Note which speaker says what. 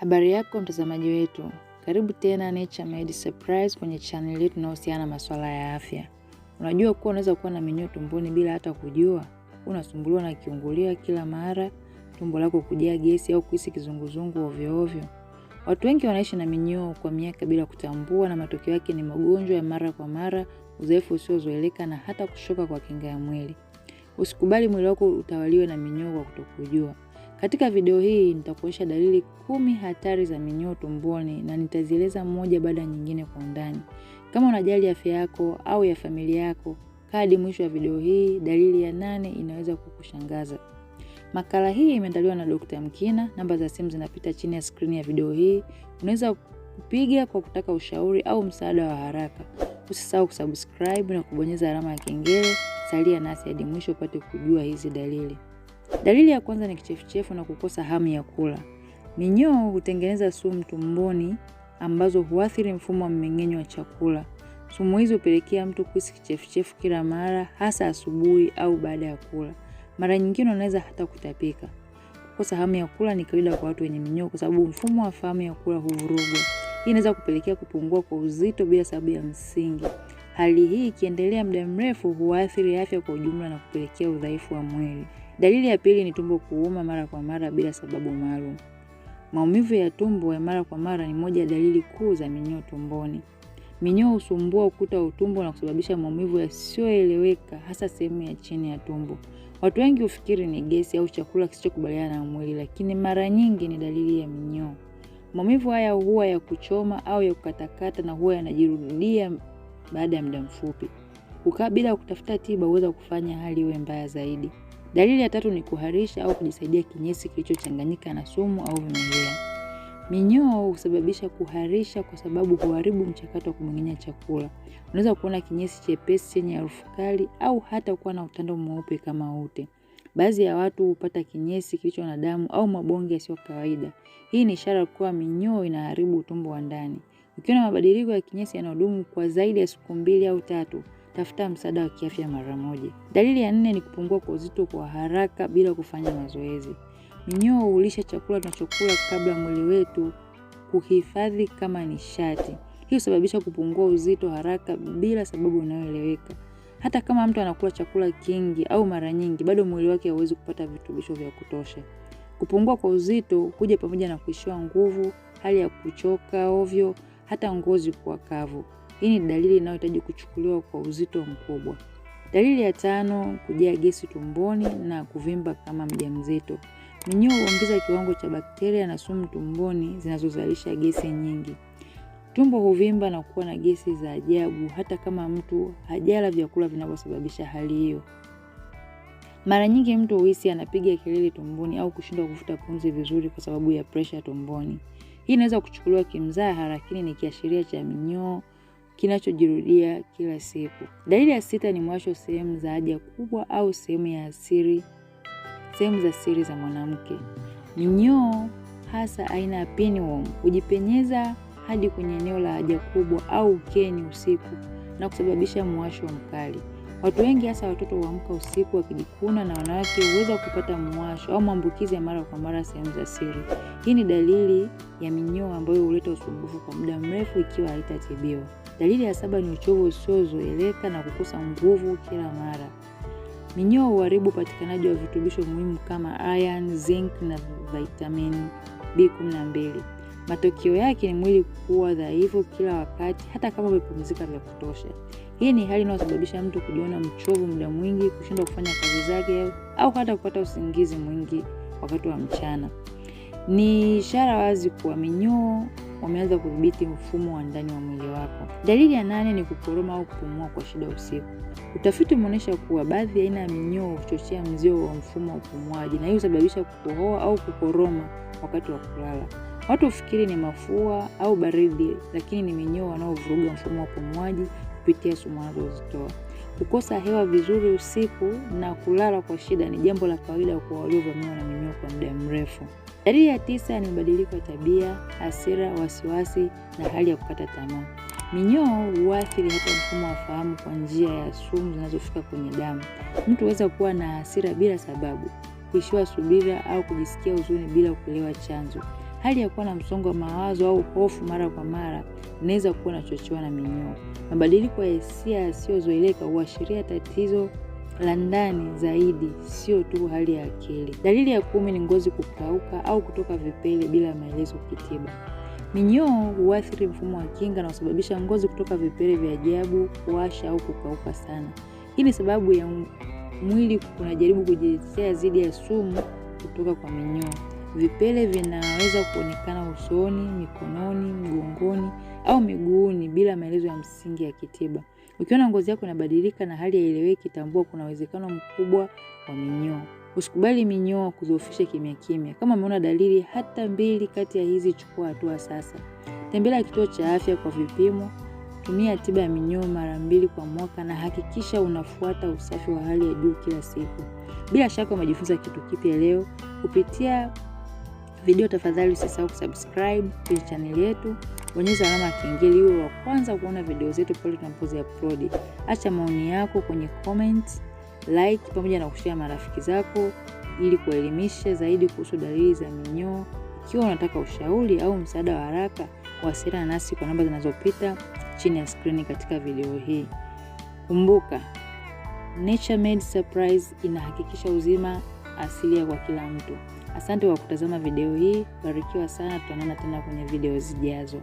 Speaker 1: Habari yako mtazamaji wetu, karibu tena Naturemed Surprise kwenye chaneli yetu inayohusiana na masuala ya afya. Unajua kuwa unaweza kuwa na minyoo tumboni bila hata kujua? Unasumbuliwa na kiungulia kila mara, tumbo lako kujaa gesi au kuhisi kizunguzungu ovyo ovyo? Watu wengi wanaishi na minyoo kwa miaka bila kutambua, na matokeo yake ni magonjwa ya mara kwa mara, uzoefu usiozoeleka na hata kushuka kwa kinga ya mwili. Usikubali mwili wako utawaliwe na minyoo kwa kutokujua. Katika video hii nitakuonyesha dalili kumi hatari za minyoo tumboni na nitazieleza moja baada ya nyingine kwa undani. Kama unajali afya yako au ya familia yako, kaa hadi mwisho wa video hii. Dalili ya nane inaweza kukushangaza. Makala hii imeandaliwa na Dr. Mkina. Namba za simu zinapita chini ya skrini ya video hii, unaweza kupiga kwa kutaka ushauri au msaada wa haraka. Usisahau kusubscribe na kubonyeza alama ya kengele. Salia nasi hadi mwisho upate kujua hizi dalili. Dalili ya kwanza ni kichefuchefu na kukosa hamu ya kula. Minyoo hutengeneza sumu tumboni ambazo huathiri mfumo wa mmeng'enyo wa chakula. Sumu hizi hupelekea mtu kuhisi kichefuchefu kila mara, hasa asubuhi au baada ya kula. Mara nyingine unaweza hata kutapika. Kukosa hamu ya kula ni kawaida kwa watu wenye minyoo kwa sababu mfumo wa fahamu ya kula huvurugwa. Hii inaweza kupelekea kupungua kwa uzito bila sababu ya msingi. Hali hii ikiendelea muda mrefu huathiri afya kwa ujumla na kupelekea udhaifu wa mwili. Dalili ya pili ni tumbo kuuma mara kwa mara bila sababu maalum. Maumivu ya tumbo ya mara kwa mara ni moja ya dalili kuu za minyoo tumboni. Minyoo husumbua ukuta wa utumbo na kusababisha maumivu yasiyoeleweka hasa sehemu ya chini ya tumbo. Watu wengi hufikiri ni gesi au chakula kisichokubaliana na mwili, lakini mara nyingi ni dalili ya minyoo. Maumivu haya huwa ya kuchoma au ya kukatakata na huwa yanajirudia baada ya muda mfupi. Kukaa bila kutafuta tiba huweza kufanya hali iwe mbaya zaidi. Dalili ya tatu ni kuharisha au kujisaidia kinyesi kilichochanganyika na sumu au vimelea. Minyoo husababisha kuharisha kwa sababu huharibu mchakato wa kumeng'enya chakula. Unaweza kuona kinyesi chepesi chenye harufu kali au hata kuwa na utando mweupe kama ute. Baadhi ya watu hupata kinyesi kilicho na damu au mabonge yasiyo kawaida. Hii ni ishara kuwa minyoo inaharibu utumbo wa ndani. Ukiwa na mabadiliko ya kinyesi yanayodumu kwa zaidi ya siku mbili au tatu, tafuta msaada wa kiafya mara moja. Dalili ya nne ni kupungua kwa uzito kwa haraka bila kufanya mazoezi. Minyoo hulisha chakula tunachokula kabla mwili wetu kuhifadhi kama nishati. Hii husababisha kupungua uzito haraka bila sababu inayoeleweka. Hata kama mtu anakula chakula kingi au mara nyingi, bado mwili wake hauwezi kupata virutubisho vya kutosha. Kupungua kwa uzito huja pamoja na kuishiwa nguvu, hali ya kuchoka ovyo, hata ngozi kuwa kavu. Hii ni dalili inayohitaji kuchukuliwa kwa uzito mkubwa. Dalili ya tano, kujaa gesi tumboni na kuvimba kama mjamzito. Minyoo huongeza kiwango cha bakteria na sumu tumboni zinazozalisha gesi nyingi. Tumbo huvimba na kuwa na gesi za ajabu hata kama mtu hajala vyakula vinavyosababisha hali hiyo. Mara nyingi mtu huhisi anapiga kelele tumboni au kushindwa kuvuta pumzi vizuri kwa sababu ya presha tumboni. Hii inaweza kuchukuliwa kimzaha lakini ni kiashiria cha minyoo kinachojirudia kila siku. Dalili ya sita ni mwasho sehemu za haja kubwa au sehemu ya siri, sehemu za siri za mwanamke. Minyoo hasa aina ya pinworm hujipenyeza hadi kwenye eneo la haja kubwa au ukeni usiku na kusababisha mwasho mkali. Watu wengi hasa watoto huamka usiku wakijikuna na wanawake huweza kupata muwasho au maambukizi ya mara kwa mara sehemu za siri. Hii ni dalili ya minyoo ambayo huleta usumbufu kwa muda mrefu ikiwa haitatibiwa. Dalili ya saba ni uchovu usiozoeleka na kukosa nguvu kila mara. Minyoo huharibu upatikanaji wa virutubisho muhimu kama iron, zinc na vitamin B12. Matokeo yake ni mwili kuwa dhaifu kila wakati, hata kama umepumzika vya kutosha. Hii ni hali inayosababisha mtu kujiona mchovu muda mwingi, kushindwa kufanya kazi zake, au hata kupata usingizi mwingi wakati wa mchana. Ni ishara wazi kuwa minyoo wameanza kudhibiti mfumo wa ndani wa mwili wako. Dalili ya nane ni kukoroma au kupumua kwa shida usiku. Utafiti umeonyesha kuwa baadhi ya aina ya minyoo huchochea mzio wa mfumo wa upumuaji na hii husababisha kukohoa au kukoroma wakati wa kulala. Watu hufikiri ni mafua au baridi, lakini ni minyoo wanaovuruga mfumo wa pumuaji kupitia sumu wanazozitoa. Kukosa hewa vizuri usiku na kulala kwa shida ni jambo la kawaida kwa waliovamiwa na minyoo kwa muda mrefu. Dalili ya tisa ni mabadiliko ya tabia, hasira, wasiwasi na hali ya kukata tamaa. Minyoo huathiri hata mfumo wa fahamu kwa njia ya sumu zinazofika kwenye damu. Mtu huweza kuwa na hasira bila sababu, kuishiwa subira au kujisikia huzuni bila kuelewa chanzo. Hali ya kuwa na msongo wa mawazo au hofu mara kwa mara inaweza kuwa inachochewa na minyoo. Mabadiliko ya hisia yasiyozoeleka huashiria tatizo la ndani zaidi, sio tu hali ya akili. Dalili ya kumi ni ngozi kukauka au kutoka vipele bila maelezo kitiba. Minyoo huathiri mfumo wa kinga na husababisha ngozi kutoka vipele vya ajabu, kuwasha au kukauka sana. Hii ni sababu ya mwili unajaribu kujitetea dhidi ya sumu kutoka kwa minyoo. Vipele vinaweza kuonekana usoni, mikononi, mgongoni au miguuni bila maelezo ya msingi ya kitiba. Ukiona ngozi yako inabadilika na hali haieleweki, tambua kuna uwezekano mkubwa wa minyoo. Usikubali minyoo kudhoofisha kimya kimya. Kama umeona dalili hata mbili kati ya hizi, chukua hatua sasa. Tembelea kituo cha afya kwa vipimo, tumia tiba ya minyoo mara mbili kwa mwaka na hakikisha unafuata usafi wa hali ya juu kila siku. Bila shaka umejifunza kitu kipya leo kupitia video, tafadhali usisahau kusubscribe kwenye chaneli yetu, bonyeza alama ya kengele iwe wa kwanza kuona video zetu pale tunapozi upload. Acha maoni yako kwenye comment, like pamoja na kushare marafiki zako ili kuelimisha zaidi kuhusu dalili za minyoo. Ikiwa unataka ushauri au msaada wa haraka, wasiliana nasi kwa namba zinazopita chini ya screen katika video hii. Kumbuka, Naturemed Surprise inahakikisha uzima asilia kwa kila mtu. Asante kwa kutazama video hii, barikiwa sana, tutaonana tena kwenye video zijazo.